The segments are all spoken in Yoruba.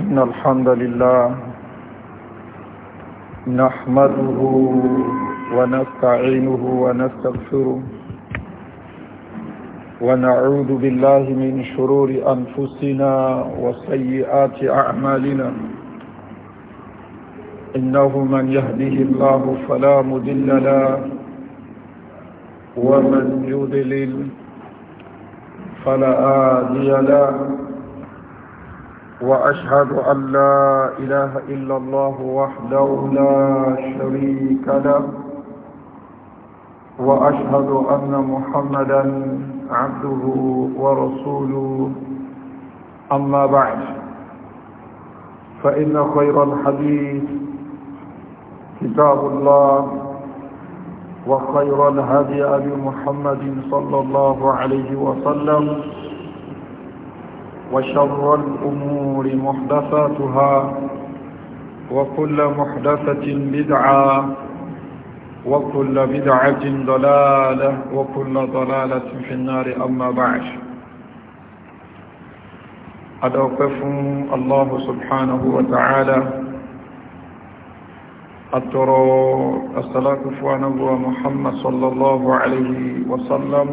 إن الحمد لله نحمده ونستعينه ونستغفره ونعوذ بالله من شرور أنفسنا وسيئات أعمالنا إنه من يهده الله فلا مدل له ومن يضلل فلا هادي له وأشهد أن لا إله إلا الله وحده لا شريك له وأشهد أن محمدا عبده ورسوله أما بعد فإن خير الحديث كتاب الله وخير الهدي أبي محمد صلى الله عليه وسلم وشر الأمور محدثاتها وكل محدثة بدعة وكل بدعة ضلالة وكل ضلالة في النار أما بعد أدوقف الله سبحانه وتعالى الترور الصلاة فوانه محمد صلى الله عليه وسلم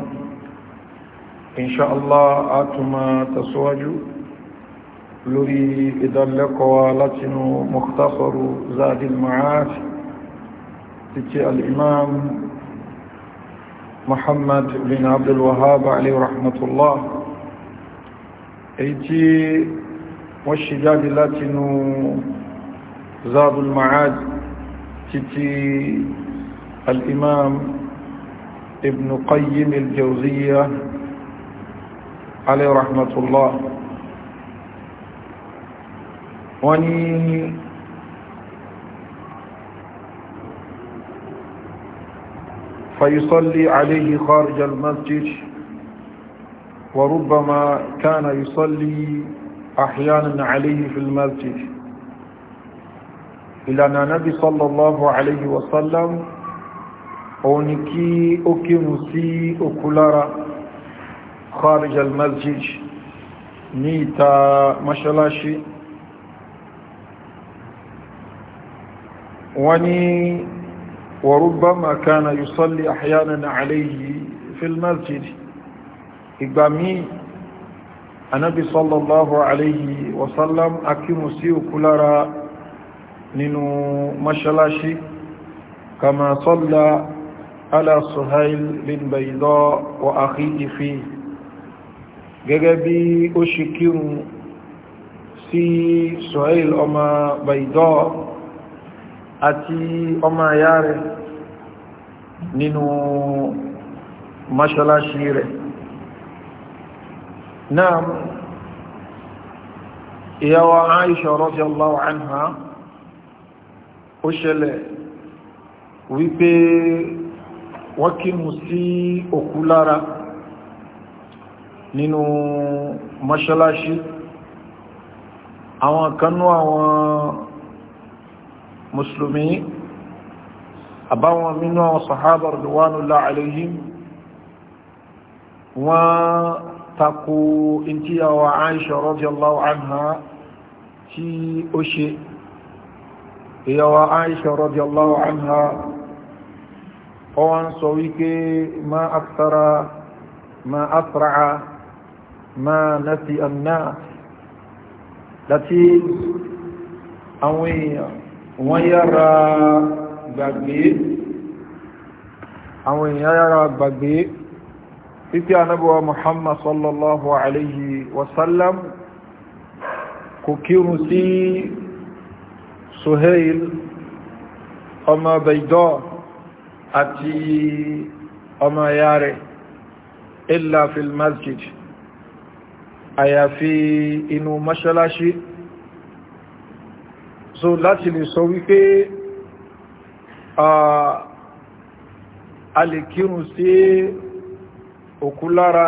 إن شاء الله آتما تسواجو لري إذا لك والتن مختصر زاد المعاش تتي الإمام محمد بن عبد الوهاب عليه رحمة الله إيتي وشجاد لاتنو زاد المعاد تتي الإمام ابن قيم الجوزية عليه رحمة الله وني فيصلي عليه خارج المسجد وربما كان يصلي أحيانا عليه في المسجد ìlànà anábi sallallahu alayhi wa sallam òun ni kí ó kírun sí òkú lára kharij al-masjid ní ìta mọ́ṣálásí wọ́n ni wa rubbama kana yusalli ahyanan alayhi fil masjid ìgbà míì anábi sallallahu alayhi wa sallam akírun sí òkú lára nínú mọ́ṣálásí kama sọ́lá ala suhail bin bayda wa akhihi fi gẹ́gẹ́ bí ó ṣe kírun sí suhail ọmọ bayda àti ọmọ ayá rẹ̀ nínú mọ́ṣálásí rẹ̀ náà ìyá wa Aisha radiyallahu anha ó ṣẹlẹ̀ wípé wọ́n kínú sí òkú lára nínú mọ́ṣálásí àwọn kanú àwọn musulmi àbáwọn mínú àwọn sahaba radwanullahi alayhim wọ́n takò intíyàwó Aisha radiyallahu anha tí ó ṣe ìyàwó aisha radiyallahu anha ọwọ́n sọ wípé ma aksara ma asra'a ma nasi anna láti àwọn èèyàn wọ́n yára gbàgbé àwọn èèyàn yára gbàgbé títí anábọ̀wà muhammad sallallahu alayhi wasallam kò kírun sí Suhail ọmọ Baidọ́ àti ọmọ ya rẹ̀ illa fil masjid àyàfi inú mọ́ṣálásí so láti lè sọ wípé a lè kírun sí òkú lára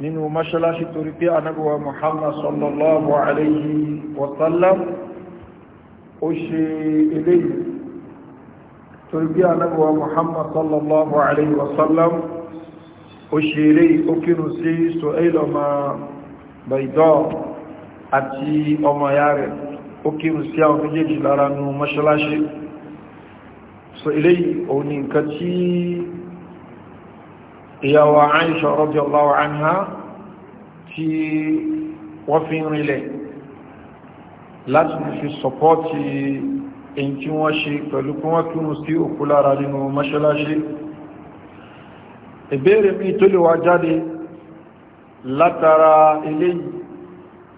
nínú mọ́ṣálásí torí pé anábíwa Muhammad sallallahu alayhi wasallam ó ṣe eléyìí torí bí anábíwá muhammad sallallahu alayhi wa sallam ó ṣe eléyìí ó kínú sí sọ́ẹ́lì ọmọ baidọ́ àti ọmọ ya rẹ̀ ó kínú sí àwọn méjèèjì lára nù mọ́ṣáláṣí so eléyìí òun ni nǹkan tí ìyàwó Aisha radiyallahu anha tí wọ́n fi ń rinlẹ̀ láti fi sọpọ́tì èyí tí wọ́n ṣe pẹ̀lú kí wọ́n kírun sí òkú lára nínú mọ́ṣáláṣí ìbéèrè mi tó lè wá jáde látara eléyìí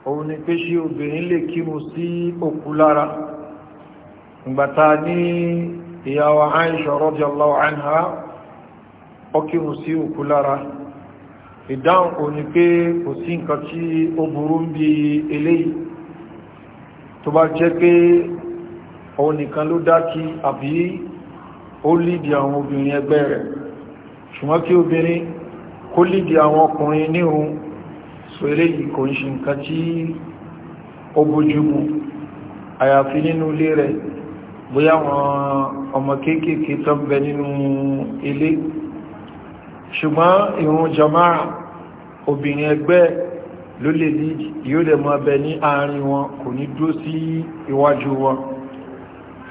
òun ni pé ṣé obìnrin lè kírun sí òkú lára ìgbàta ní ìyàwó Aisha radiyallahu anha ó kírun sí òkú lára ìdáhùn òun ni pé kò sí nǹkan tí ó burú ń bi eléyìí tó bá jẹ́ pé òun nìkan ló dá kí àbí ó lídìí àwọn obìnrin ẹgbẹ́ rẹ̀ ṣùgbọ́n kí obìnrin kó lídìí àwọn ọkùnrin níhun so eléyìí kò ń ṣe nǹkan tí ó bójúmu àyàfi nínú ilé rẹ̀ bóyá àwọn ọmọ kéékèèké tó ń bẹ nínú ilé ṣùgbọ́n ìrun jamaa obìnrin ẹgbẹ́ ló lè ní yóò dẹ̀ mọ́ bẹ ní àárín wọn kò ní dúró sí iwájú wọn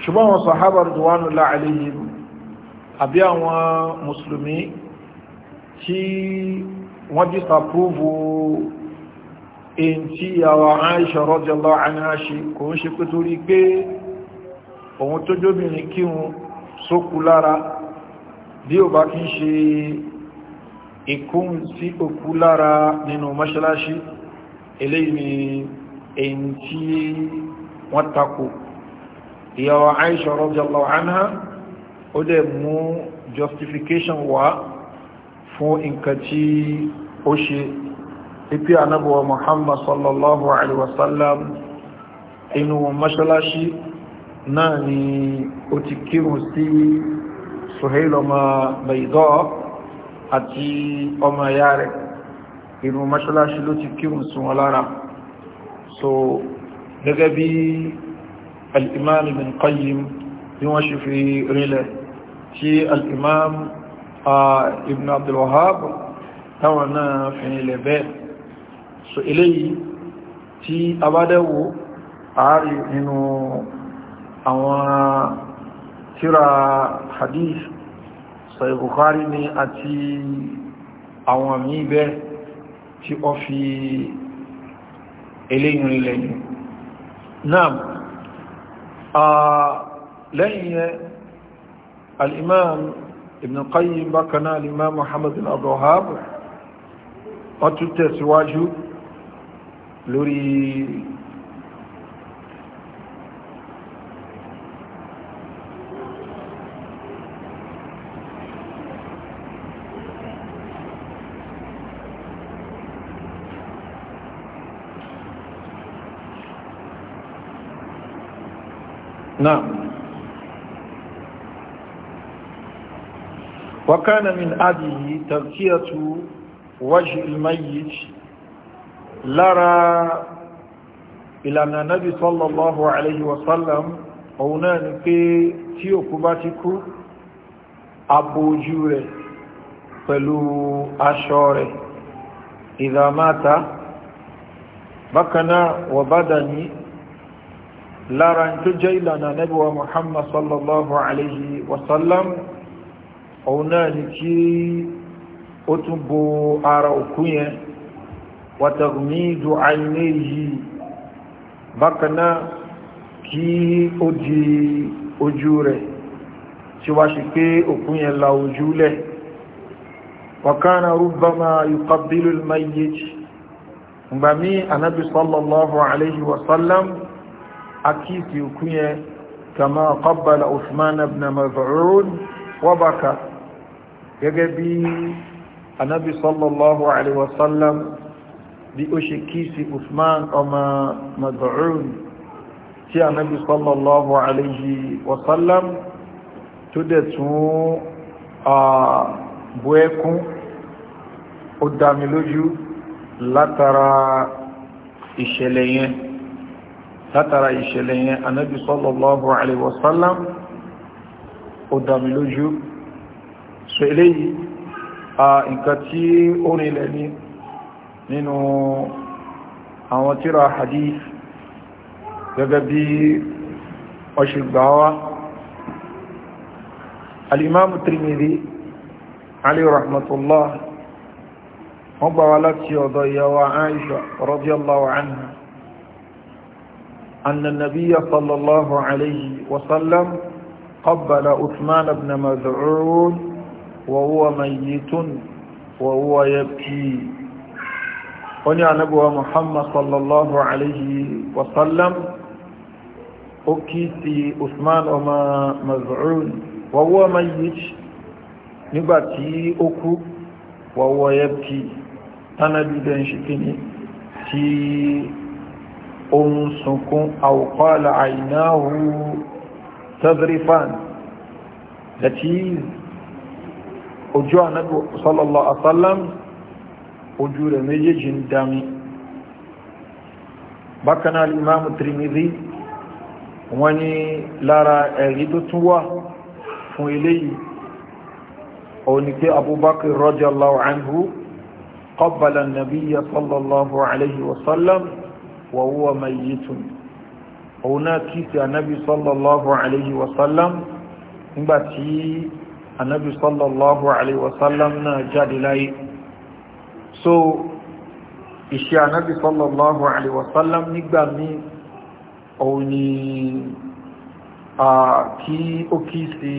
ṣùgbọ́n wọn sàhábà ridwanullahi alayhim àbí àwọn mùsùlùmí tí wọ́n disapprove èyí tí àwọn Aisha radiyallahu anha ṣe kò ń ṣe pé torí pé òun tó jóbìnrin kírun sókú lára bí ó ìkún sí òkú lára nínú mọ́ṣáláṣí eléyìí ni èyí tí wọ́n takò ìyàwó Aisha radiyallahu anha ó dẹ̀ mú justification wá fún nǹkan tí ó ṣe ipi anabuwa Muhammad sallallahu alaihi wasallam inú mọ́ṣálásí náà ni ó ti kírun sí Suhail ọmọ àti ọmọ ya rẹ̀ irun mọ́ṣáláṣí ló ti kírun sún wọn lára so gẹ́gẹ́ bí al-imam ibn qayyim bí wọ́n ṣe fi rílẹ̀ tí al-imam ibn abdulwahab táwọn náà fi rílẹ̀ bẹ́ẹ̀ so eléyìí tí a bá dẹ́wò ààrí nínú àwọn tíra hadith sahih bukhari ni àti àwọn míì bẹ́ẹ̀ tí ó fi eléyìn lẹ́yìn náà lẹ́yìn al'imam ibn qayyim bákaná al'imam muhammad al-abduhab wọ́n tún tẹ̀síwájú lórí náà وكان من أبيه تغطية وجه الميت lára ìlànà nábi sallallahu alayhi wa sallam òun náà ni pé tí òkú bá ti kú abojú rẹ̀ pẹ̀lú aṣọ rẹ̀ idha mata bákanáà wa badani lára tó jẹ́ ìlànà nẹ́bíwa muhammad sallallahu alayhi wasallam òun náà ni kí ó tún bo ara òkú yẹn wàtàgùmídù àìní yìí bákaná kí ó di ojú rẹ̀ tí wá ṣe pé òkú yẹn la ojú lẹ̀ wàkánà rúbámá yuqabbilu al anábi sallallahu alayhi wasallam akíìsì òkú yẹn kama qabbala usman ibn maz'un wa baka gẹ́gẹ́ bí anábi sallallahu alaihi wasallam bí ó ṣe kíìsì usman ọmọ maz'un tí anábi sallallahu alaihi wasallam tó dẹ̀ tún bú ẹkún ó dámi látara ìṣẹ̀lẹ̀ yẹn anábi sallallahu alaihi wasallam ó dámi lójú so eléyìí a nǹkan tí ó rinlẹ̀ ní nínú àwọn tíra hadith gẹ́gẹ́ bí ọṣùgbáwá alimamu Tirmidhi alayhi rahmatullah wọ́n gbáwá láti ọ̀dọ̀ ìyàwó Aisha radiyallahu anha أن النبي صلى الله عليه وسلم قبل أثمان بن مذعون وهو ميت وهو يبكي وني نبوة محمد صلى الله عليه وسلم أكيتي أثمان وما مذعون وهو ميت نباتي أكو وهو يبكي أنا بدن شكني في ohun sunkún àwòkọ́lá àìnáhù tazrifan that is ojú ànábì sallallahu alaihi wasallam ojú rẹ̀ méjèèjì ń dami bákanáà imamu Tirmidhi wọ́n ní lára ẹ̀rí tó tún wà fún eléyìí òun ni pé abubakar radiyallahu anhu qabbala an-nabiyya sallallahu alaihi wasallam wa huwa mayyitun òun náà kí sí anábi sallallahu alayhi wa sallam nígbàtí anábi sallallahu alayhi wa sallam náà jáde so iṣẹ́ anábi sallallahu alayhi wa sallam nígbà míì òun ni kí ó kí sí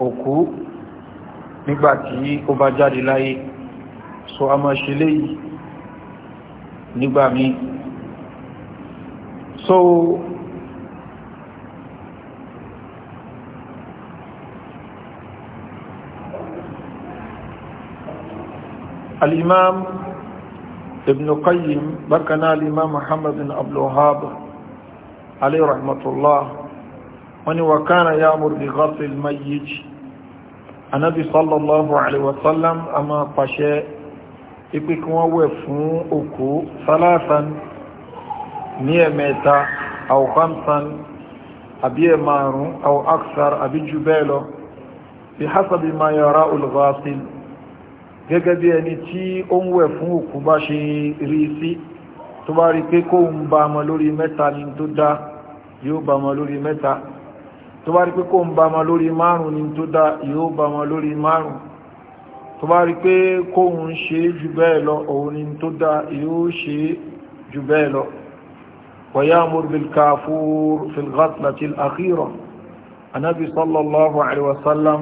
òkú nígbàtí ó bá jáde so a máa nígbà míì so al-imam ibn qayyim bákaná al-imam muhammad bin abdullahab alayhi rahmatullah wani wa kana ya'mur bi ghasl al-mayyit anabi sallallahu alayhi wa a máa pàṣẹ ipe kí wọ́n wẹ̀ fún òkú salasan ní ẹ̀mẹ́ta aw àbí ẹ̀márùn aw aksar àbí jù bẹ́ẹ̀ lọ bí hasabi ma yara olùfàásìn gẹ́gẹ́ bí ẹni tí ó ń wẹ̀ fún òkú bá ṣe rí sí tó bá rí pé kó ń ba ọmọ lórí mẹ́ta ni tó dá yóò ba ọmọ lórí mẹ́ta tó bá rí pé kó ń ba ọmọ lórí márùn ni tó dá yóò ba ọmọ lórí márùn-ún tó bá rí pé kóhun ṣe jù bẹ́ẹ̀ lọ òun ni tó dá yóò ṣe jù bẹ́ẹ̀ lọ ويامر بالكافور في الغفلة الأخيرة النبي صلى الله عليه وسلم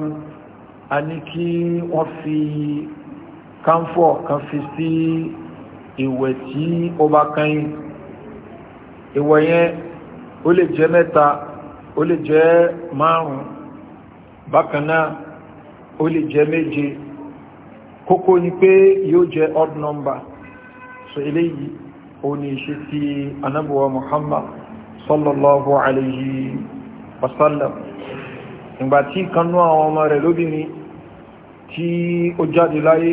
أنكي وفي kánfọ̀ kan fi sí ìwẹ̀ tí ó bá kányìn ìwẹ̀ yẹn ó lè jẹ́ mẹ́ta ó lè jẹ́ márùn-ún bákan ó lè jẹ́ méje kókó ni pé yóò jẹ́ odd number so eléyìí ó ní ṣe ti anábọ̀wà muhammad sallallahu alayhi wa sallam ìgbà tí kanú àwọn ọmọ rẹ̀ lóbìnrin tí ó jáde láyé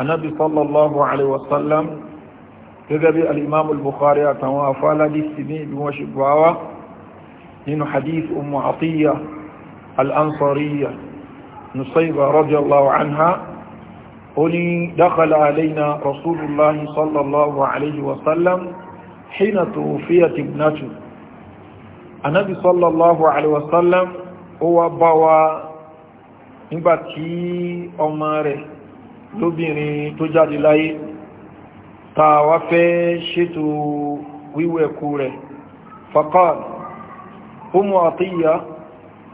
anábi sallallahu alayhi wa sallam gẹ́gẹ́ bí al'imamu al-bukhari àtàwọn afáládìí sí ní ibi wọ́n ṣe gbáwá nínú hadith umu atiyya al'ansariya nusayba radiyallahu anha oni dakhala alaina rasulullahi sallallahu alaihi wasallam hina tuwufiyat ibnatu anabi sallallahu alaihi wasallam ó wá bá wa nígbàtí ọmọ rẹ̀ lóbìnrin tó jáde láyé ta wá fẹ́ ṣètò wíwẹ̀kú rẹ̀ faqal umu atiya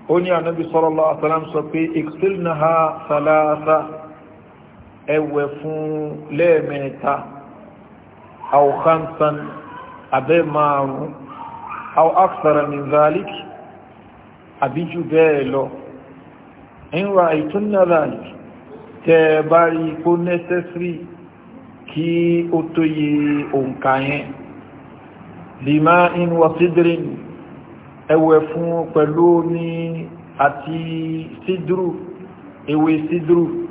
ó ní anabi sallallahu alaihi wasallam sọ pé iksilnaha salasa ẹwẹ̀ fún lẹ́ẹ̀mẹ́ta aw khamsan abẹ́ márùn-ún aw akthara min dhalik àbíjú bẹ́ẹ̀ lọ in ra'aytunna dhalik tẹ́ bá rí kó necessary kí ó tó yẹ òǹkà yẹn lima'in wa sidrin ẹwẹ̀ fún pẹ̀lú ní àti sídrú ewé sídrú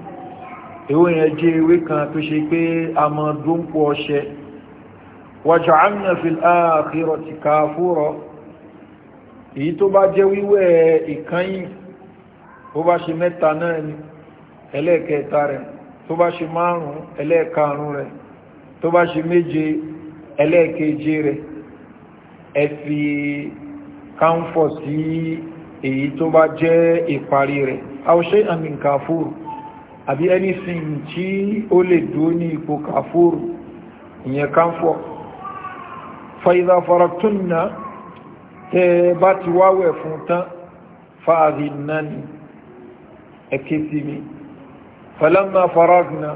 ewé yẹn jẹ́ ewé kan tó ṣe pé a mọ̀ dúnkù ọṣẹ waj'alna fil akhirati kafura èyí tó bá jẹ́ wíwẹ̀ ìkányìn tó bá ṣe mẹ́ta náà ni ẹlẹ́ẹ̀kẹta rẹ̀ tó bá ṣe márùn-ún ẹlẹ́ẹ̀karùn rẹ̀ tó bá ṣe méje ẹlẹ́ẹ̀keje rẹ̀ ẹ fi káńfọ̀ sí èyí tó bá jẹ́ ìparí rẹ̀ aw shay'an min kafura àbí anything tí ó lè dúó ní ipò kàfóòrù ìyẹn káńfọ́ fàìdà faratúnnà tẹ́ bá ti wáwẹ̀ fún tán fàáàdì náà ni ẹ̀kẹ́ sí mi falamma faragna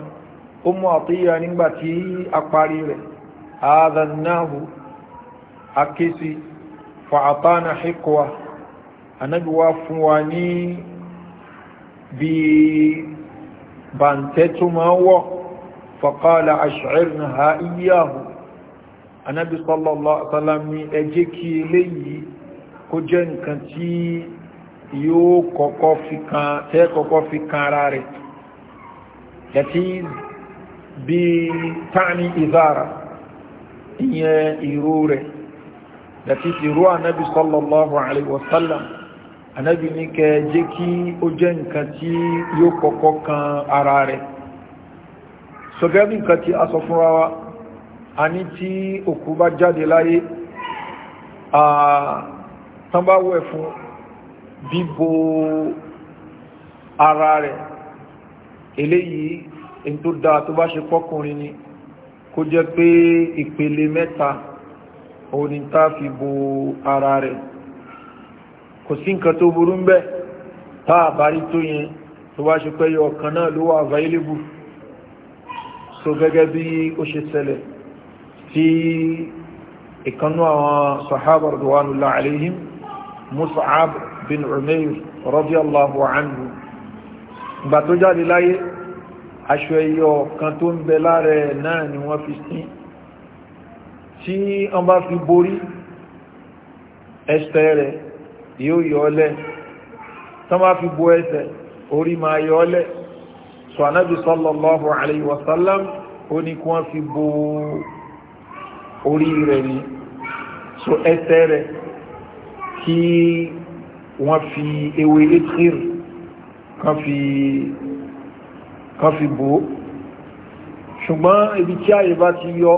ó mú àtíyà nígbàtí a rẹ̀ àádánáhù akéṣi fàátánà hikwa anábíwá fún wa ní bíi bàǹtẹ́ tó máa wọ̀ fọ̀kọ́lá aṣọ́rìn ha iyáhù anábi sallallahu alaihi wasallam ní ẹ jẹ́ kí eléyìí kó jẹ́ nǹkan tí yóò kọ́kọ́ fi kan tẹ́ kọ́kọ́ fi kan ara rẹ̀ yàtí bí tani ìzára ìyẹn ìró rẹ̀ yàtí ìró anábi sallallahu alaihi anábì ní kẹ jẹ́ kí ó jẹ́ nǹkan tí yóò kọ́kọ́ kan ara rẹ̀ sọgẹ́bí nǹkan tí a sọ fúnra wa a ní tí òkú bá jáde láyé tán bá wẹ̀ fún bíbo ara rẹ̀ eléyìí èyí tó dáa tó bá ṣe pọ́kùnrin ni kó jẹ́ pé ìpele mẹ́ta òní ara rẹ̀ kò sí nǹkan tó burú ń bẹ́ tá a bá rí tó yẹn tó bá ṣe pẹ́yọ ọ̀kan náà ló wà available so gẹ́gẹ́ bí ó ṣe ṣẹlẹ̀ tí ìkanú àwọn sahaba radwanullahi alayhim mus'ab bin umair radiyallahu anhu ìgbà tó jáde láyé aṣọ ẹyọ kan tó ń bẹ lára náà ni wọ́n fi sí tí wọ́n bá fi borí ẹsẹ̀ rẹ̀ yóò yọ ọ lẹ tán bá fi bo ẹsẹ̀ orí máa yọ ọ lẹ sọ anábì sallallahu alayhi wa sallam ó ní kí wọ́n fi bo orí rẹ̀ ni so ẹsẹ̀ rẹ̀ kí wọ́n fi ewé ekir kan fi kan fi bo ṣùgbọ́n ibi tí àyè bá ti yọ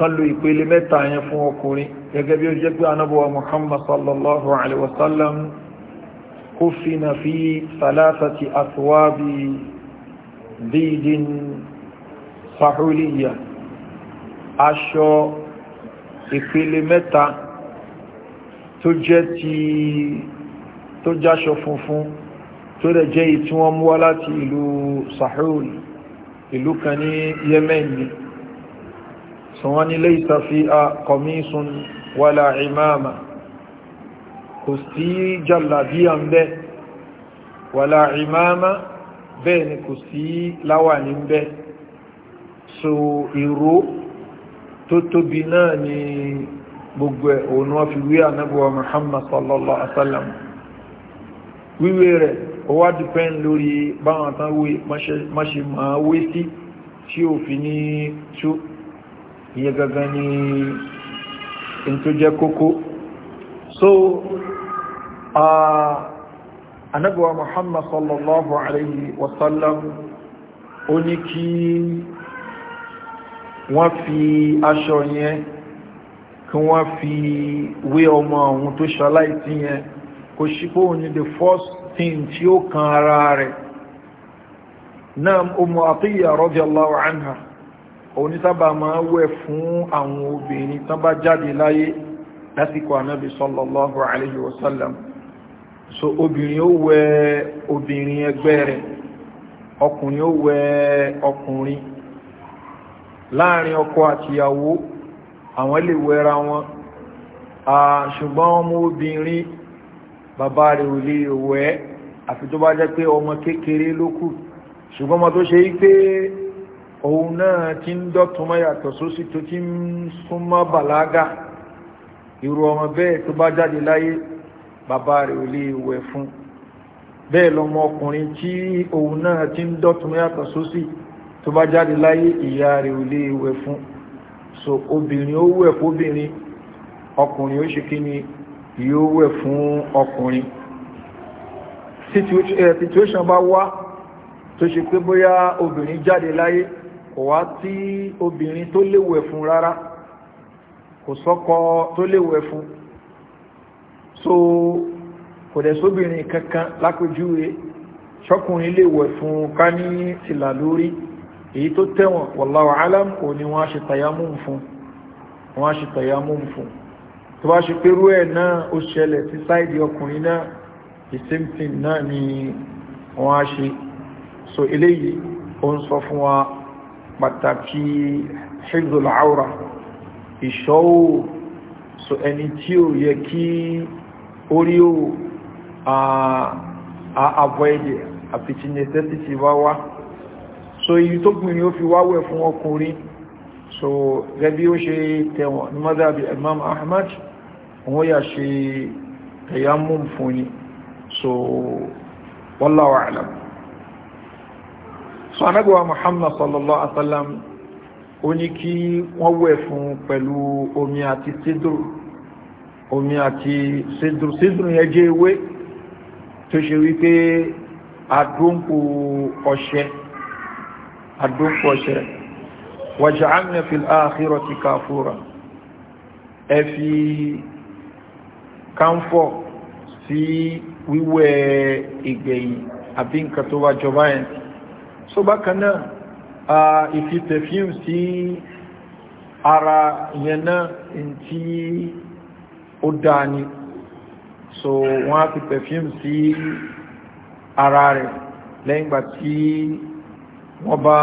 kan lo ìpele mẹ́ta yẹn fún ọkùnrin gẹ́gẹ́ bí ó jẹ́ pé anábọ̀wà muhammad sallallahu alaihi wasallam kufina fi salasati aswabi bidin sahuliya aṣọ ìpele mẹ́ta tó jẹ́ ti tó jáṣọ funfun tó rẹ̀ jẹ́ ìtí wọ́n láti ìlú sahul ìlú kan ní yemen ni so wọ́n ní laysa fiha qamisun wala imama kò sí jàlàbíyà ń bẹ́ wala imama bẹ́ẹ̀ ni kò sí láwàní ń bẹ́ so ìró tó tóbi náà ni gbogbo ẹ̀ òun wọ́n fi wí ànábọ̀wà Muhammad sallallahu alaihi wíwé rẹ̀ ó wá dìpẹ́n lórí báwọn tán wé máṣe máa wé sí tí ò fi ní ìyẹn gangan ni in tó jẹ́ kókó so anabuwa muhammad sallallahu Alaihi wasallam ó ní kí wọ́n fi aṣọ yẹn kí wọ́n fi wé ọmọ ọ̀hún tó ṣaláìtí yẹn kò sí pé òun ni the first thing tí ó kan ara rẹ̀ náà umu atiyya radiyallahu anha òun ní sábà máa wẹ̀ fún àwọn obìnrin tán bá jáde láyé lásìkò ànábì sallallahu alayhi wa so obìnrin ó wẹ̀ obìnrin ẹgbẹ́ rẹ̀ ọkùnrin ó wẹ̀ ọkùnrin láàrin ọkọ àtìyàwó àwọn lè wẹra wọn ṣùgbọ́n ọmọ obìnrin bàbá rẹ̀ ò lè wẹ̀ àfi tó bá jẹ́ pé ọmọ kékeré ló ṣùgbọ́n ọmọ tó ṣe yí pé òun náà ti ń dọ́túnmọ́ yàtọ̀ sósì tó ti ń súnmọ́ bàlágà irú ọmọ bẹ́ẹ̀ tó bá jáde láyé bàbá rẹ̀ ò lè wẹ̀ fún bẹ́ẹ̀ lọmọ ọkùnrin tí òun náà ti ń dọ́túnmọ́ yàtọ̀ sósì tó bá jáde láyé ìyá rẹ̀ ò lè wẹ̀ fún so obìnrin ó wẹ̀ fóbìnrin ọkùnrin ó ṣe kí yóò wẹ̀ fún ọkùnrin eh, situation bá wá tó ṣe pé bóyá obìnrin jáde láyé kò wá tí obìnrin tó léwẹ̀ fún rárá kò sọ́kọ tó léwẹ̀ fún so kò dẹ̀ sóbìnrin kankan lápèjúwe ṣọ́kùnrin léwẹ̀ fún ká ní tìlà lórí èyí tó tẹ̀wọ̀n wallahu alam kò ní wọ́n á ṣe tàyámù fún wọ́n á ṣe tàyámù fún tó bá ṣe pérú ẹ̀ náà ó ṣẹlẹ̀ sí sáìdì ọkùnrin náà the same thing náà ni wọ́n ṣe so eléyìí ó ń sọ fún wa pàtàkì hifdhul awra ìṣọ́wò so ẹni tí ó yẹ kí orí ó avoid àfi tí necessity wá wá so èyí tó gbìnrin ó fi wáwẹ̀ fún ọkùnrin so gẹ́bí ó ṣe tẹ̀wọ̀n ní madhabi imam ahmad wọ́n yà ṣe tayammum fún ni so wallahu a'lam so anagbawa muhammad sallallahu alaihi wasallam ó ní kí wọ́n wẹ̀ fún pẹ̀lú omi àti sídùrù omi àti sídùrù sídùrù yẹn jẹ́ ewé tó ṣe wípé adóńpò ọṣẹ adóńpò ọṣẹ waj'alna fil akhirati kafura ẹ fi kánfọ̀ sí wíwẹ̀ ìgbẹ̀yìn àbí nǹkan tó wá jọba yẹn so bákan náà ìfi perfume sí ara yẹn náà tí so wọ́n á fi perfume sí ara rẹ̀ lẹ́yìn gbà tí wọ́n bá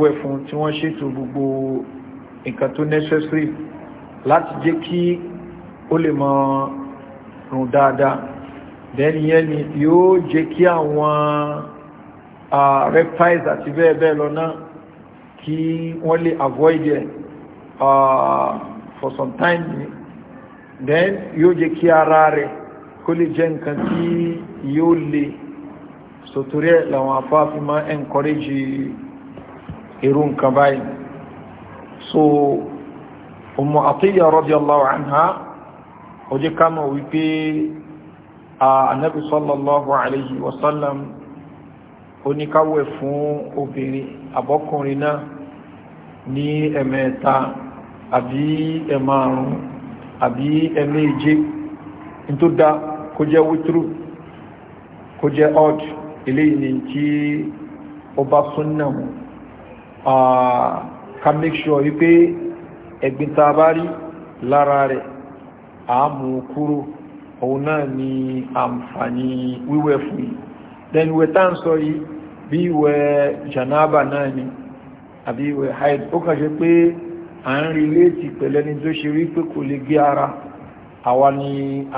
wẹ̀ fún tí wọ́n ṣètò gbogbo nǹkan tó necessary láti jẹ́ kí ó lè mọ rùn dáadáa bẹ́ẹ̀ ni ni yóò jẹ́ kí àwọn reptiles àti bẹ́ẹ̀ bẹ́ẹ̀ lọ náà kí wọ́n lè avoid ẹ̀ for some time then yóò jẹ́ kí ara rẹ̀ kó lè jẹ́ nǹkan tí yóò lè sòtúrí ẹ̀ làwọn afáfin máa encourage irú nǹkan báyìí so Ummu Atiyya radiyallahu anha ó jẹ́ ká mọ̀ wípé anabi sallallahu alayhi wa sallam oníkáwẹ̀ fún obìnrin àbọ́kùnrin náà ní ẹ̀mẹ́ta àbí ẹ̀márùn àbí ẹ̀méje tó dá kó jẹ́ wítírù kó jẹ́ ọ́d eléyìí ni tí ó bá súnnà mu ká make sure wípé ẹ̀gbin tá a bá rí lára rẹ̀ àámú kúrò òun náà ni àǹfààní wíwẹ̀ fún yìí then wẹ̀ tá à ń sọ yìí bí ìwẹ̀ janaba náà ni àbí ìwẹ̀ haid ó kàn ṣe pé à ń rí léètì pẹ̀lẹ́ ni tó ṣe rí pé kò lè gé ara àwa ni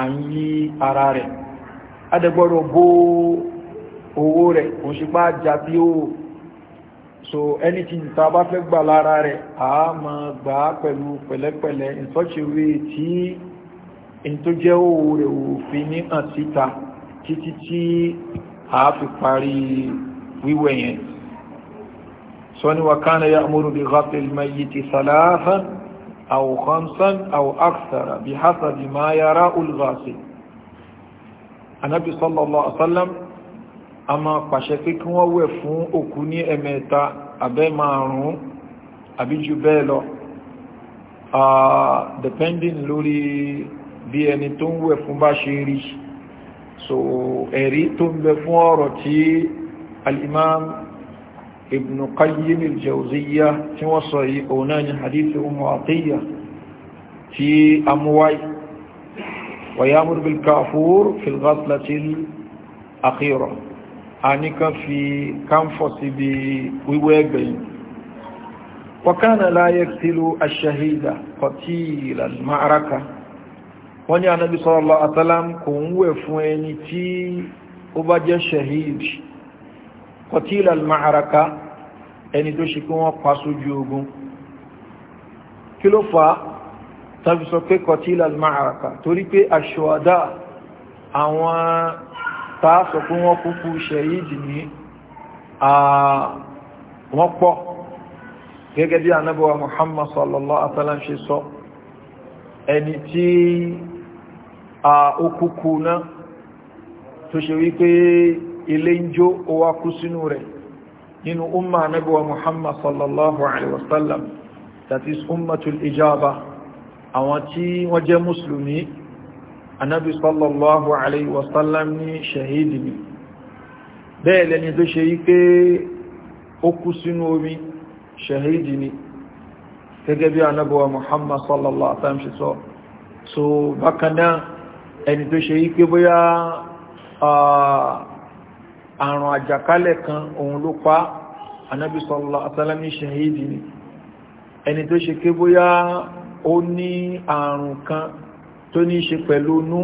à ń yí ara rẹ̀ adẹ́gbọ́dọ̀ bó owó rẹ̀ kò ṣe pá jà bí ó so anything tá a bá fẹ́ gbà lára rẹ̀ a máa gbà á pẹ̀lú pẹ̀lẹ́pẹ̀lẹ́ in such a way tí in tó jẹ́ owó rẹ̀ òfin ní àtìta títí tí a fi parí wíwẹ̀ yẹn sọ ni wakana ya'muru bi ghasli al-mayyiti thalathan aw khamsan aw akthara bi hasabi ma yara'u al-ghasil anabi sallallahu alaihi wasallam a máa pàṣẹ pé kí wọ́n wẹ̀ fún òkú ní ẹ̀mẹ́ta abẹ́ márùn-ún àbí jù bẹ́ẹ̀ lọ depending lórí bí ẹni tó ń wẹ̀ fún bá ṣe rí so ẹ̀rí tó ń bẹ fún ọ̀rọ̀ tí الإمام ابن قيم الجوزية توصي أونان حديث أم عطية في أموي ويأمر بالكافور في الغطلة الأخيرة أنك في كنفس بويبين وكان لا يقتل الشهيد قتيل المعركة وني النبي صلى الله عليه وسلم كون وفوين تي وبجى شهيد kọtílà al-ma'araka ẹni tó ṣe kí wọ́n pa sójú ogun kí ló fà tàbí sọ pé kọtílà al-ma'araka torí pé aṣọ́adá àwọn tààsọ̀ pé wọ́n kúkú ṣẹ̀yídì ní wọ́n pọ̀ gẹ́gẹ́ bí anábọ̀wà Muhammad sallallahu alaihi wasallam ṣe sọ ẹni tí a ó kúkú náà tó ṣe wípé ilé ń jó ó wá kú sínú rẹ̀ nínú umma anabiwa muhammad sallallahu alaihi wasallam that is ummatul ijaba àwọn tí wọ́n jẹ́ mùsùlùmí anabi sallallahu alaihi wasallam ní shahidi ni bẹ́ẹ̀ lẹ́ni tó ṣe yí pé ó kú sínú omi shahidi ni gẹ́gẹ́ bí anábọ̀wà muhammad sallallahu alaihi wasallam ṣe sọ so bákaná ẹni tó ṣe yí pé bóyá ah, àrùn àjàkálẹ̀ kan òun ló pa anábì sallallahu alaihi wasallam ṣahidi ni ẹni tó ṣe ké bóyá ó ní àrùn kan tó ní ṣe pẹ̀lú nú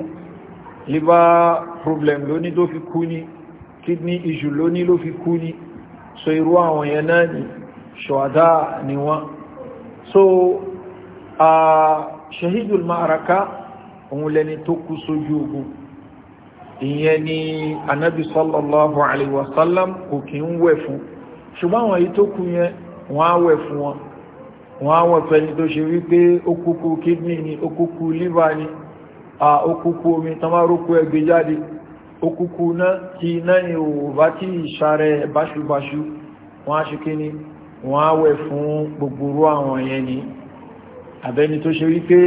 liver problem ló ní ló fi kú ni kidney issue ló ní ló fi kú ni so irú àwọn yẹn náà ni ṣọ̀dá ni wọ́n so ṣahidul ma'araka òun lẹni tó kú sójú ogun ìyẹn ni anabi sallallahu alayhi wa sallam kò kí ń wẹ̀ fún ṣùgbọ́n àwọn èyí tó kú yẹn wọ́n á wẹ̀ fún wọn wọ́n á wẹ̀ fẹ́ni tó ṣe wípé ó kúkú kidney ni ó kúkú liver ni ó kúkú omi tán ẹgbẹ́ jáde ó náà tí iná ò bá tí ìṣàrẹ̀ báṣubàṣu wọ́n á ṣe kí ni wọ́n á wẹ̀ fún gbogbo àwọn yẹn ni àbẹ́ni tó ṣe wípé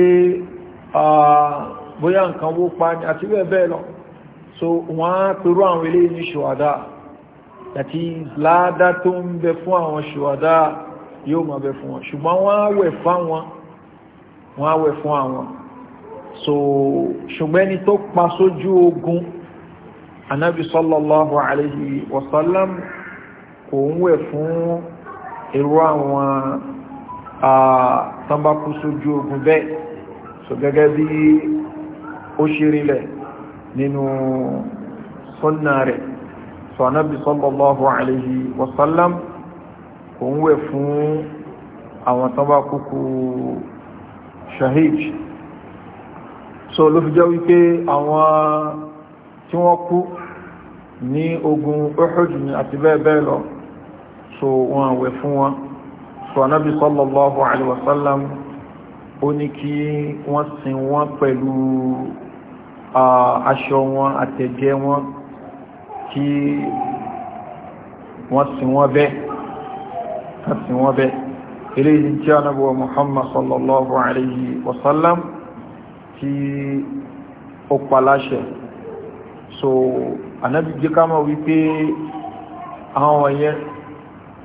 bóyá nǹkan wó pa ni àti bẹ́ẹ̀ bẹ́ẹ̀ lọ so wọ́n pẹ̀rú àwọn ilé ní ṣùwádá àti láàdá tó ń bẹ fún àwọn ṣùwádá yóò máa bẹ fún wọn ṣùgbọ́n wọ́n wẹ̀ fún àwọn wọ́n wẹ̀ fún àwọn so ṣùgbọ́n ẹni tó pa sójú ogun anábi sallallahu alayhi wasallam), sallam kò ń wẹ̀ fún irú àwọn tàbákú sójú ogun bẹ́ẹ̀ so gẹ́gẹ́ bí ó ṣe rí lẹ̀ nínú sọ́nà rẹ̀ sọ anábì sallallahu alayhi wa sallam kò ń wẹ̀ fún àwọn tán bá kúkú shahid so ló fi jẹ́ wípé àwọn tí wọ́n kú ní ogun Uhud ni àti bẹ́ẹ̀ bẹ́ẹ̀ lọ so wọn àwẹ̀ fún wọn so anábi sallallahu alaihi wasallam ó ní kí wọ́n sin wọ́n pẹ̀lú aṣọ wọn àtẹ̀jẹ́ wọn kí wọ́n sì wọ́n bẹ́ kàtí wọ́n bẹ́ ilé ìdí tí a nábọ̀ Muhammad sallallahu alayhi wa sallam tí ó paláṣẹ so anábi jẹ́ ká mọ̀ wípé àwọn wọ̀nyẹn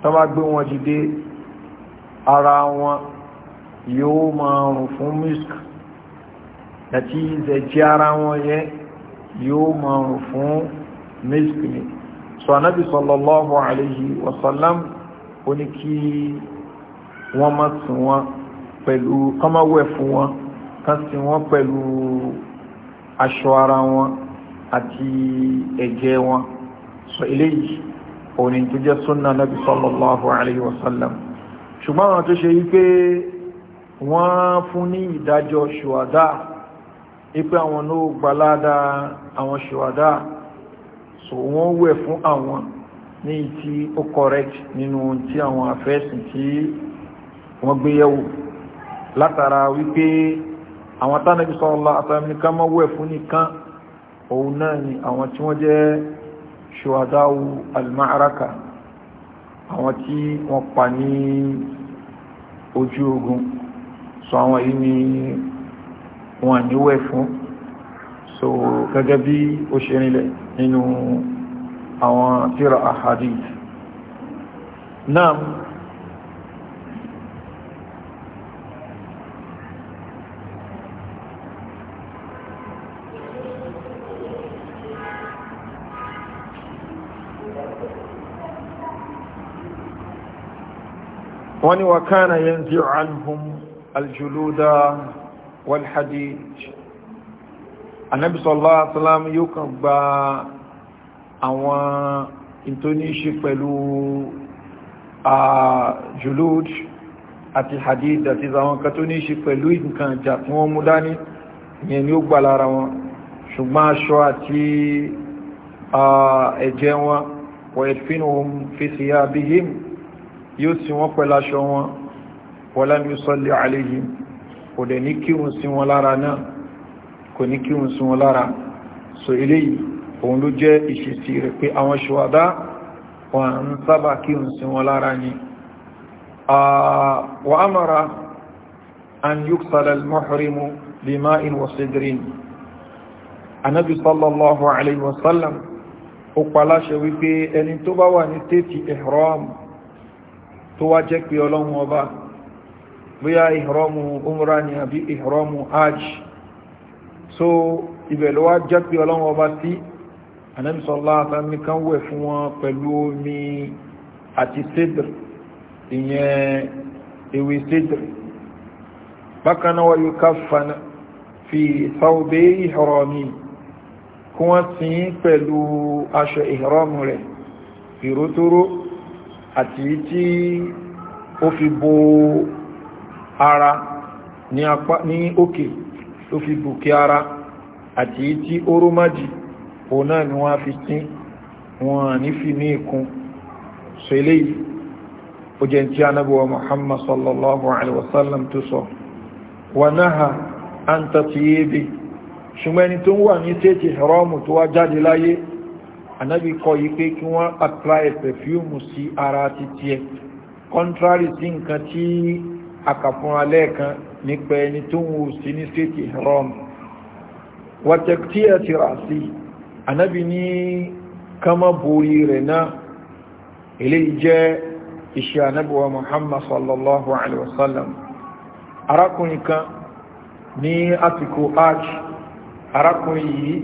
tó bá gbé wọn dìde ara wọn yóò máa rùn fún misk àti ìzẹ̀jí ara wọn yẹn yóò mọ̀rùn fún miskini so anábi sallallahu alayhi wa sallam ó ní kí wọ́n má sìn wọn pẹ̀lú kọ́mọ́wẹ̀ fún wọn kan sìn wọn pẹ̀lú aṣọ ara wọn àti ẹ̀jẹ̀ wọn so eléyìí òní tó jẹ́ súnà anábi sallallahu alayhi wa sallam ṣùgbọ́n àwọn tó ṣe yí pé wọ́n fún ní ìdájọ́ ṣùwádà ipé àwọn ní ó gbalada àwọn ṣùwádá so wọ́n wẹ̀ fún àwọn ní tí ó correct nínú tí àwọn afẹ́sìn tí wọ́n gbé yẹ̀wò látara wípé àwọn tánàbí sọ́ọ́lá àtàmìnká mọ́ wẹ̀ fún nìkan òun náà ni àwọn tí wọ́n jẹ́ ṣùwádáwù al-ma'araka àwọn tí wọ́n pa ní ojú ogun so àwọn yìí ni wọn àníwẹ̀ fún so gẹ́gẹ́ bí ó ṣe rinlẹ̀ nínú àwọn tíra ahadith náà wọ́n ni wà kánà yanzu anhum aljuluda والحديد النبي صلى الله عليه وسلم yóò gba àwọn ìntóníṣe pẹ̀lú julud àti hadid àti àwọn kan tó ní ṣe pẹ̀lú nǹkan ìjà tí wọ́n mú dání ìyẹn ni ó gbà lára wọn ṣùgbọ́n aṣọ àti ẹ̀jẹ̀ wọn ويدفنهم في ثيابهم yóò sì wọ́n pẹ̀lú aṣọ wọn ولم يصلي عليهم kò dẹ̀ ní kírun sí wọn lára náà kò ní kírun sí wọn lára so eléyìí òun ló jẹ́ ìṣesí rẹ̀ pé àwọn ṣùwádá wọn à ń sábà kírun sí wọn lára ni wa amara an yuksala al-muhrimu bima'in wa sidrin anabi sallallahu alayhi wa sallam ó paláṣẹ wípé ẹni tó bá wà ní tẹ́tì ihram tó wá jẹ́ pé ọlọ́run ọba bóyá ìhrọ́mù umra ni àbí ìhrọ́mù hajj so ibẹ̀ ló wá jẹ́ pé ọlọ́run ọba tí anẹ́bìsọ́lá àtàmì kan wẹ̀ fún wọn pẹ̀lú omi àti cedr ìyẹn ewé cedr bákan náà wọ́n yóò ká fana fi thawbi ihrami kí wọ́n ti ń pẹ̀lú aṣọ ìhrọ́mù rẹ̀ ìrótóró àti tí ó fi bo ara ní apá ní òkè tó fi gòkè ara àti èyí tí oró májì òun náà ni wọ́n fi tín wọn ní fi ní ìkun sọ eléyìí ó jẹ́ tí anábọ̀wọ̀ Muhammad sallallahu alaihi wasallam tó sọ wà náà an tàtíyébé ṣùgbọ́n ẹni tó wà ní tẹ́tì haramu tó wá jáde láyé anábi kọ yí pé kí wọ́n apply perfume sí ara títí ẹ contrary sí nǹkan tí akàfún alẹ́ kan nípa ẹni tó ń wò sí ní stéètì ihram wàtẹ̀kíyà ti rà sí anábì ní kama borí rẹ̀ náà eléyìí jẹ́ iṣẹ́ anábì wa muhammad sallallahu alaihi wasallam arákùnrin kan ní àtìkò arch arákùnrin yìí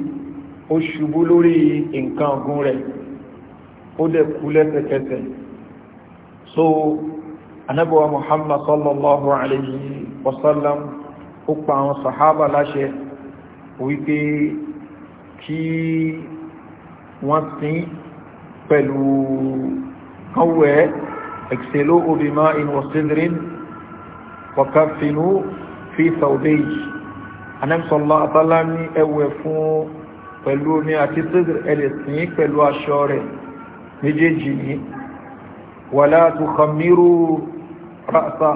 ó ṣubú lórí nǹkan ọ̀gùn rẹ̀ ó dẹ̀ kú so anábọ̀wà muhammad sallallahu alayhi wa sallam ó pa àwọn sahaba láṣẹ wípé kí wọ́n sin pẹ̀lú kọwẹ́ ẹ̀kṣẹ̀ló obìnmá in wasidrin wakafinu fi saudage anẹ́sọ̀lá àtàlá ní ẹwẹ̀ fún pẹ̀lú omi àti sidr ẹlẹ̀sìn pẹ̀lú aṣọ rẹ̀ méjèèjì ní wàlá tukhammiru ra'sa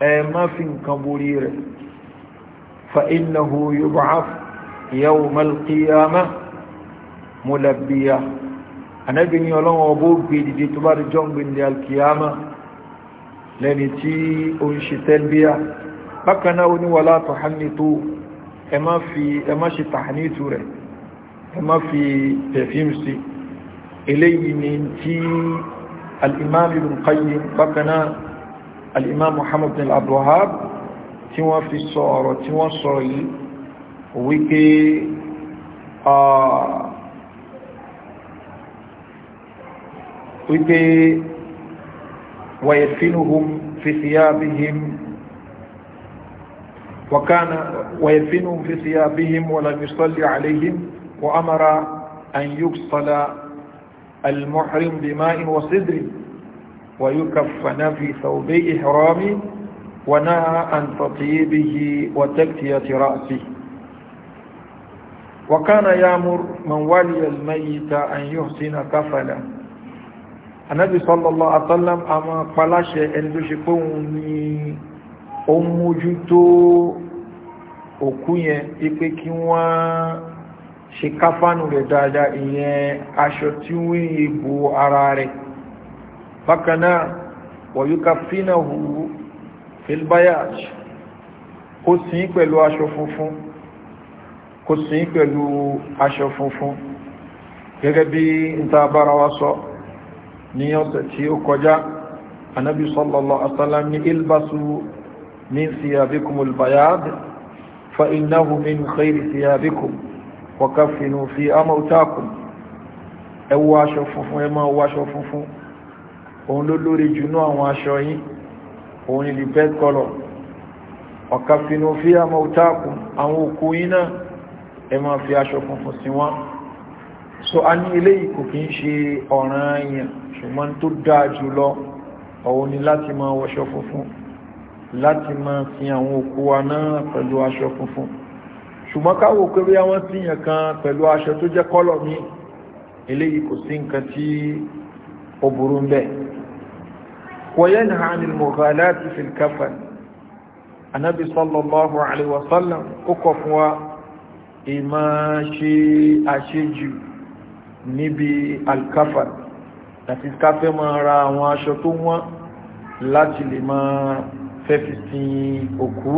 ẹ má fi nǹkan borí rẹ̀ fa innahu yub'ath yawm al-qiyamah mulabbiya anabi ni ọlọ́wọ́ ọbọ̀ gbé dìde tó bá rí john gbindi alkiyama lẹ́ni tí ó ń ṣe tẹ́lbíyà bákanáà ó ní wà látọ̀ hannito ẹ má ṣe tàhánítù rẹ̀ ẹ má fi tẹ̀fím sí eléyìí ni tí al-imam ibn الإمام محمد بن عبد الوهاب تي في الصور تي وان صوري ويكي آه ويكي ويدفنهم في ثيابهم وكان ويدفنهم في ثيابهم ولم يصلي عليهم وأمر أن يغسل المحرم بماء وصدر ويكفن في ثوبي إحرامه ونهى أن تطيبه وتكتية رأسه وكان يامر من ولي الميت أن يحسن كفلا النبي صلى الله عليه وسلم أما فلاش البشكوني أمجتو òkúyẹn ipé kí wọ́n ṣe káfánù rẹ̀ dáadáa ìyẹn aṣọ tí wọ́n èèbò ara rẹ̀ bákanáà wọ̀yúká fínà hù filbayaj kó sín pẹ̀lú aṣọ funfun kó sín pẹ̀lú aṣọ funfun gẹ́gẹ́ bí n ta bára wa sọ ní ọ̀sẹ̀ tí ó kọjá anábi sallallahu alaihi ilbasu min siyabikumul bayad fa innahu min khayri siyabikum wa kafinu fi amawtakum ẹ wọ funfun ẹ máa wọ aṣọ funfun òun ló lórí jùnú àwọn aṣọ yìí òun ni the best color ọ̀kàfinú fí àmọ́ òtáàkùn àwọn òkú yìí náà ẹ máa fi aṣọ funfun sí wọn so a ní ilé ìkò kí ń ṣe ọ̀ràn ayàn ṣùgbọ́n tó dáa jùlọ òun ni láti máa wọṣọ funfun láti máa sin àwọn òkú wa náà pẹ̀lú aṣọ funfun ṣùgbọ́n káwò pé bí wọ́n kan pẹ̀lú aṣọ tó jẹ́ kọ́lọ̀ mi eléyìí kò sí nǹkan tí ó burú ń bẹ́ wọ́yẹ́n hàníl mọ̀gálá ti fi kafan anábi sallallahu alaihi wasallam ó kọ̀ fún wa ìmá ṣe àṣejù níbi alkafan àti káfẹ́ máa ra àwọn aṣọ tó wọ́n láti lè máa fẹ́ fi sin òkú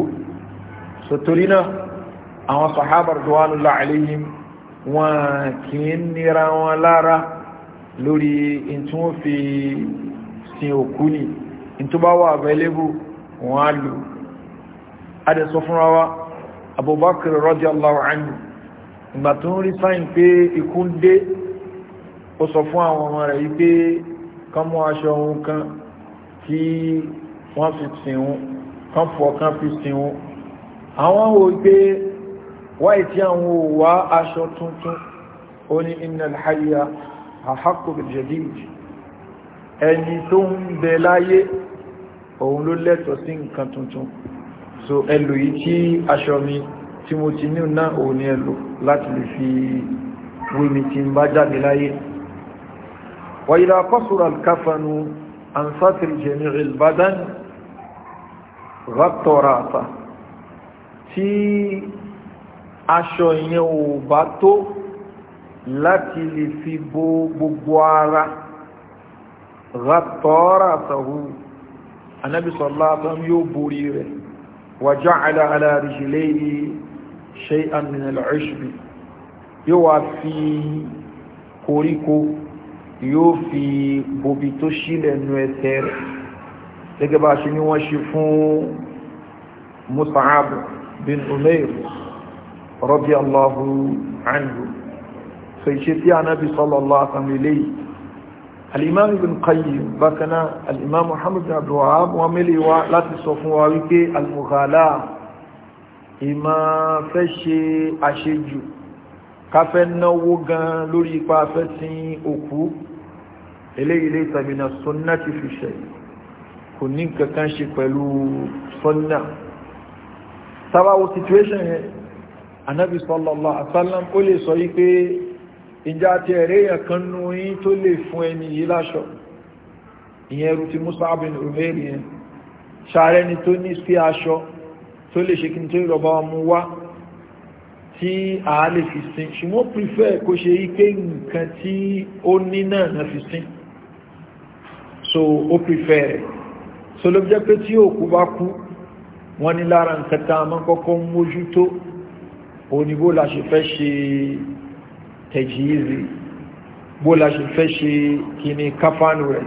sotori náà àwọn sahabar duwanullahi alaihim wọn kì nira wọn lára lórí in tí wọ́n fi sin òkú ni in tó bá wà available wọ́n á lò adẹ́sọ fúnra wa Abubakar radiyallahu anhu ìgbà tó ń rí sáyìn pé ikú ń dé ó sọ fún àwọn ọmọ rẹ̀ wípé kán mú aṣọ ohun kan tí wọ́n fi sin kán fọ kán fi sin àwọn wo pé wáyé tí àwọn ò wá aṣọ tuntun ó ní innal hayya àhákò biljadid ẹni tó ń bẹ láyé òun ló lẹ́tọ̀ọ́ sí nǹkan tuntun so ẹlò yìí tí aṣọ mi tí mo ti ní náà òun ni ẹlò láti lè fi wí mi ti ń bá jáde láyé wàyíra kọ́sùrọ̀ alkafanu ansatir jami'i albadan raptorata tí aṣọ ìyẹn ò bá tó láti lè fi bo gbogbo ara ghatara sahu anábì sallallahu alaihi wasallam yóò borí rẹ̀ wa ja'ala ala rijlayhi shay'an min al-'ushb yóò wá fi koríko yóò fi bobi tó sílẹ̀ nu ẹsẹ̀ rẹ̀ gẹ́gẹ́ bá ṣe ní wọ́n ṣe fún Mus'ab bin Umair radiyallahu anhu so ìṣe tí anábì sallallahu alaihi wasallam eléyìí alimami bin qayyim bákaná alimami muhammad bin abdul wahab wọn mẹ́lẹ̀ e wá láti sọ fún wa wípé al-mughala ìmá fẹ́ ṣe àṣejù káfẹ́ náwó gan lórí ipa fẹ́ sin òkú eléyìí laysa mina sunnati fi shay kò ní kankan ṣe pẹ̀lú sunna sábàwò situation yẹn anábì sallallahu alaihi wasallam ó lè sọ yí pé ìjà àti ẹ̀rẹ́ èèyàn kan nú yín tó lè fún ẹni yìí láṣọ ìyẹn ẹrù ti Mus'ab bin Umair yẹn ṣàárẹ́ ni tó ní sí aṣọ tó lè ṣe kí n tó ìrọ̀bá ọmọ wá tí a lè fi sin ṣùgbọ́n prefer kó ṣe ike nǹkan tí ó ní náà na fi sin so ó prefer rẹ̀ so ló jẹ́ pé tí òkú bá kú wọ́n ní lára nǹkan tá a máa kọ́kọ́ mójútó òníbó la ṣe fẹ́ ṣe tẹ̀jìízi bó la ṣe fẹ́ ṣe kíní káfánù rẹ̀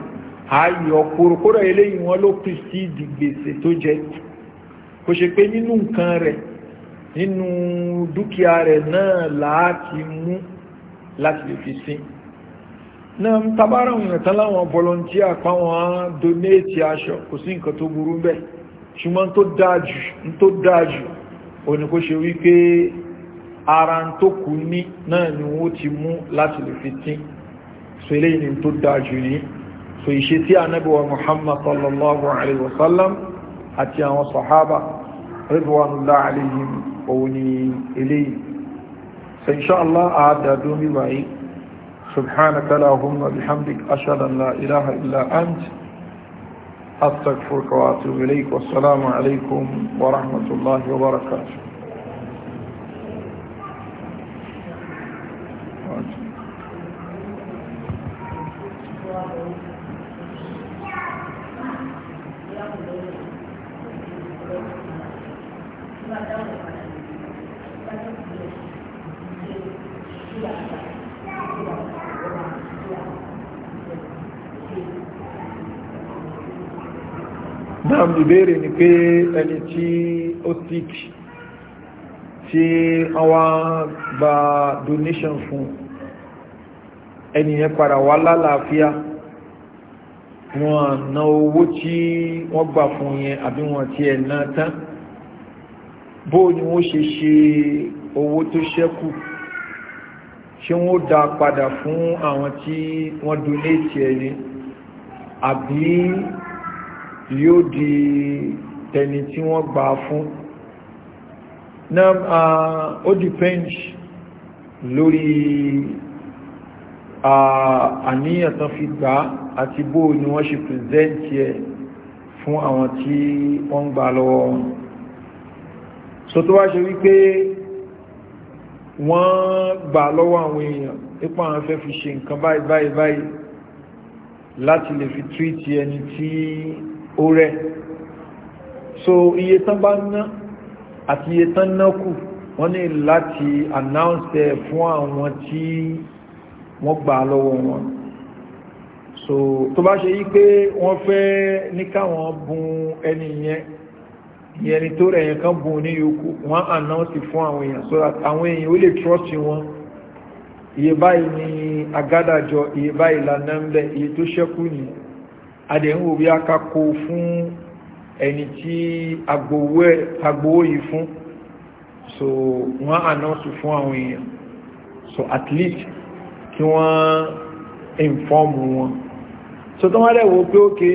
ayọ̀ kórókóró eléyìí wọn ló pín sí ìdìgbèsè tó jẹ kò ṣe pé nínú nǹkan rẹ̀ nínú dúkìá rẹ̀ náà láti mú láti lè fi sin náà ń tabára tán láwọn volunteer páwọn donate aṣọ kò sí nǹkan tó burú bẹ́ẹ̀ ṣùgbọ́n tó dáa jù òní kó ṣe wípé ara ń tó kù ní náà ni wọ́n ti mú láti lè fi tí so eléyìí ni tó dáa jù ní so ìṣe tí anábíwa muhammad sallallahu alaihi wasallam àti àwọn sahaba ridwanullah alaihim òun ni eléyìí so insha Allah a dàdó mi báyìí سبحانك اللهم بحمدك أشهد أن لا إله إلا أنت أستغفرك وأتوب إليك والسلام عليكم ورحمة الله وبركاته ìbéèrè ni pé ẹni tí ó tíkì tí àwọn gba donation fún ẹni yẹn padà wá lálàáfíà wọn ná owó tí wọ́n gbà fún yẹn àbí wọn ti ẹ̀ náà tán bó ni wọ́n ṣe ṣe owó tó ṣẹ́kù ṣé wọ́n dá padà fún àwọn tí wọ́n donate ẹni àbí yóò di tẹni tí wọ́n gbà fún náà ó depend lórí àníyàn tán fi gbà àti bó ni wọ́n ṣe present ẹ̀ fún àwọn tí wọ́n gbà lọ́wọ́ wọn so tó wá ṣe wípé wọ́n gbà lọ́wọ́ àwọn èèyàn nípa àwọn fẹ́ fi ṣe nǹkan báyìí báyìí láti lè fi treat ẹni tí ó so iye tán bá ná àti iye tán ná kù wọ́n ní láti announce ẹ̀ fún àwọn tí wọ́n gbà lọ́wọ́ wọn so tó bá ṣe yí pé wọ́n fẹ́ ní káwọn bùn ẹni yẹn ìyẹn ni tó rẹ̀ yẹn kan bùn ní yòókù wọ́n announce fún àwọn èèyàn so that àwọn èèyàn ó lè trust wọn iye báyìí ni agádàjọ iye báyìí lànà ń bẹ iye tó ṣẹ́kù nìyẹn adẹ̀hún òbí akako fún ẹni tí agbowó yìí fún so wọ́n anọ́sù fún àwọn èèyàn so at least kí wọ́n inform wọn so tó wọ́n rẹ̀ wò pé ókè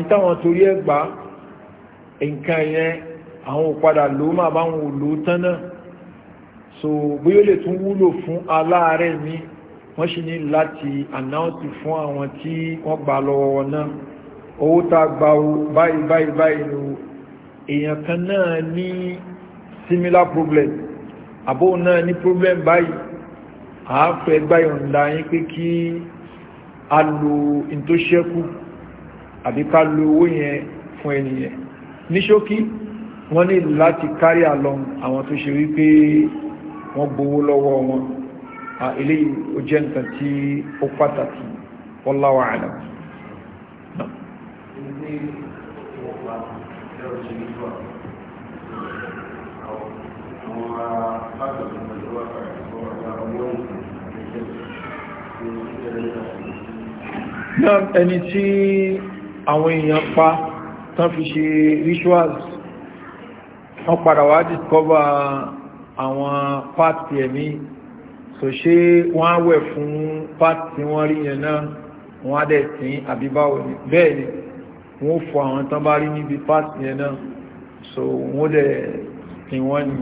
ìtàwọn torí ẹgbà nǹkan yẹn àwọn òpadà ló máa bá wọn lò tán náà so bóyá ó lè tún wúlò fún aláàárẹ̀ mi wọ́n sì ní láti announce fún àwọn tí wọ́n gbà lọ́wọ́ wọn náà owó tá gba báyìí báyìí báyìí ni èèyàn kan náà ní similar problem àbó náà ní problem báyìí àáfẹ́ gbáyọ̀ǹda yín pé kí a lo in tó ṣẹ́kù àbí ká lo owó yẹn fún ẹniyẹn ní ṣókí wọ́n ní láti carry along àwọn tó ṣe wípé wọ́n gbowó lọ́wọ́ wọn eléyìí ó jẹ́ nǹkan tí ó pàtàkì wallahu a'lam. náà ẹni tí àwọn èèyàn pa tán fi ṣe rituals wọ́n padà wá discover àwọn pàtì ẹ̀mí so ṣé wọ́n á wẹ̀ fún part tí wọ́n rí yẹn náà wọ́n á dẹ̀ sín àbí báwo ni bẹ́ẹ̀ ni wọ́n fọ àwọn tán bá rí níbi part yẹn náà so wọ́n dẹ̀ sín wọ́n ni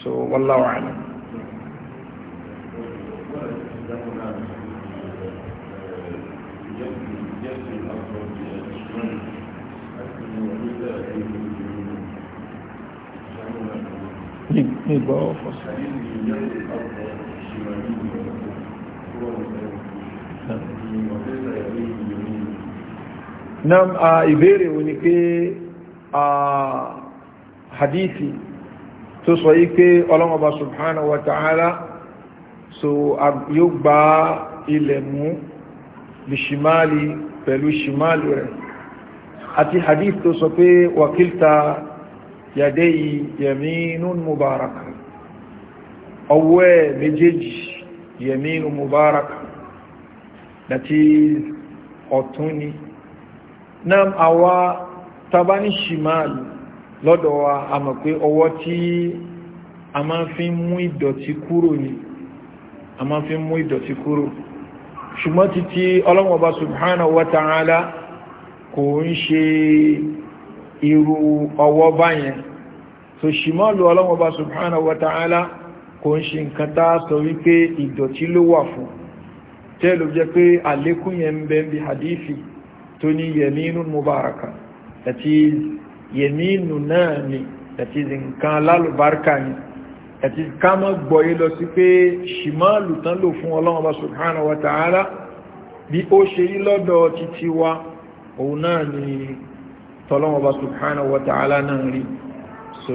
so wallahu a'lam Nígbà ọ̀fọ̀sẹ̀. na ìbéèrè wọn ni pé hadithi tó sọ yí pé ọlọ́mọba subhanahu wa ta'ala so yóò gba ilẹ̀ mú bí ṣimali pẹ̀lú ṣimali rẹ̀ àti hadith tó sọ pé wakilta yàdé yaminun mubaraka ọwọ́ méjèèjì yaminun mubaraka that ọ̀tún ni náà awa tàbá ní shimal lọ́dọ̀ wa a mọ̀ pé ọwọ́ tí a máa fi ń mú ìdọ̀tí kúrò ni a máa fi ń mú ìdọ̀tí kúrò ṣùgbọ́n ta'ala kò ń ṣe irú ọwọ́ báyẹn so ṣìmọ́lù ọlọ́mọba subhanahu wa ta'ala kò ń ṣe nǹkan tá sọ wípé ìdọ̀tí ló wà fún jẹ́ hadithi tó ní yẹmínú mubaraka that is yẹmínú náà ni that is nǹkan alálùbáríkà ni that is ká mọ́ gbọ́yé lọ sí pé ṣìmáàlù tán lò fún ọlọ́run ọba subhanahu wa ta'ala bí ó ṣe rí lọ́dọ̀ títí wa òun náà ni tọ́lọ́run ọba subhanahu wa náà rí so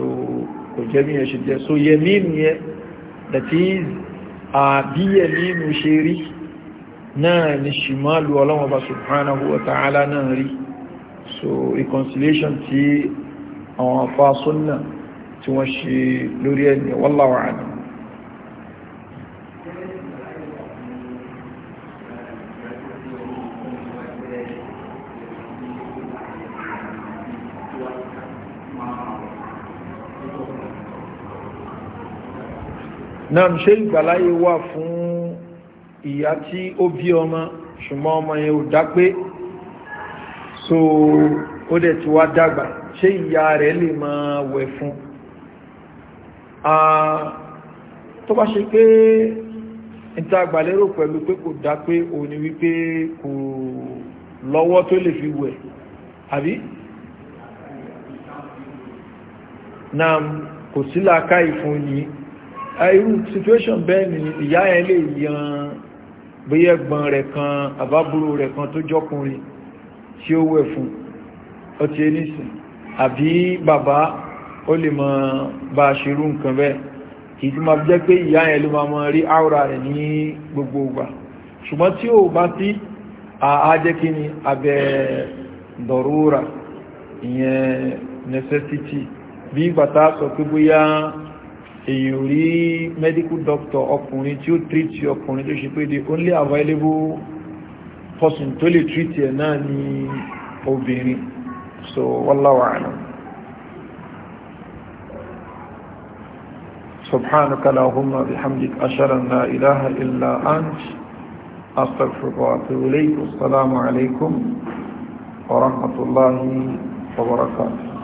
kò jẹ́ bí ẹ jẹ́ so yẹmínú yẹ that is àbíyẹmínú ṣe rí náà ni ṣìmọ́lù ọlọ́wọ́ bá subhanahu wa ta'ala náà rí so reconciliation ti àwọn afá súnnà tí wọ́n ṣe lórí ẹni wallahu a'lam náà ṣe ìgbàláyé wà fún ìyá tí ó bí ọmọ ṣùgbọ́n ọmọ yẹn ò dápé so ó dẹ̀ ti wá dàgbà ṣé ìyá rẹ̀ lè máa wẹ̀ fún tó bá ṣe pé níta àgbàlérò pẹ̀lú pé kò dápé òun ni wípé kò lọ́wọ́ tó lè fi wẹ̀ àbí náà kò sí làákàyè fún yìí irú situation bẹ́ẹ̀ ni ìyá ẹ lè yan bóyá ẹ̀gbọ́n rẹ̀ kan àbábúrò rẹ̀ kan tó jọkùnrin tí ó wẹ̀ fún ọtí ẹnìsìn àbí bàbá ó lè mọ bá a ṣerú nǹkan bẹ́ẹ̀ kì í tí máa jẹ́ pé ìyá yẹn ló máa mọ rí áwòrà rẹ̀ ní gbogbo ìgbà ṣùgbọ́n tí ò bá sí àájẹ́kí ni abẹ́ dọ̀rúra ìyẹn necessity bí bàtà sọ pé bóyá èyí rí medical doctor ọkùnrin tí ó treat ọkùnrin tó ṣe pé the only available person tó lè treat ẹ̀ náà ni obìnrin so wallahu a'lam سبحانك اللهم بحمدك أشهد أن لا إله إلا أنت أستغفرك وأتوب إليك السلام عليكم ورحمة الله وبركاته